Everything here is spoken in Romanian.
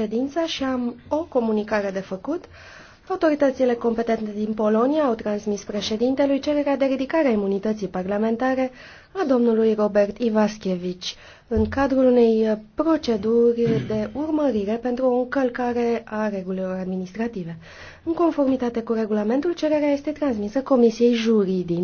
ședința și am o comunicare de făcut. Autoritățile competente din Polonia au transmis președintelui cererea de ridicare a imunității parlamentare a domnului Robert Ivaschevici în cadrul unei proceduri de urmărire pentru o încălcare a regulilor administrative. În conformitate cu regulamentul, cererea este transmisă Comisiei Jurii din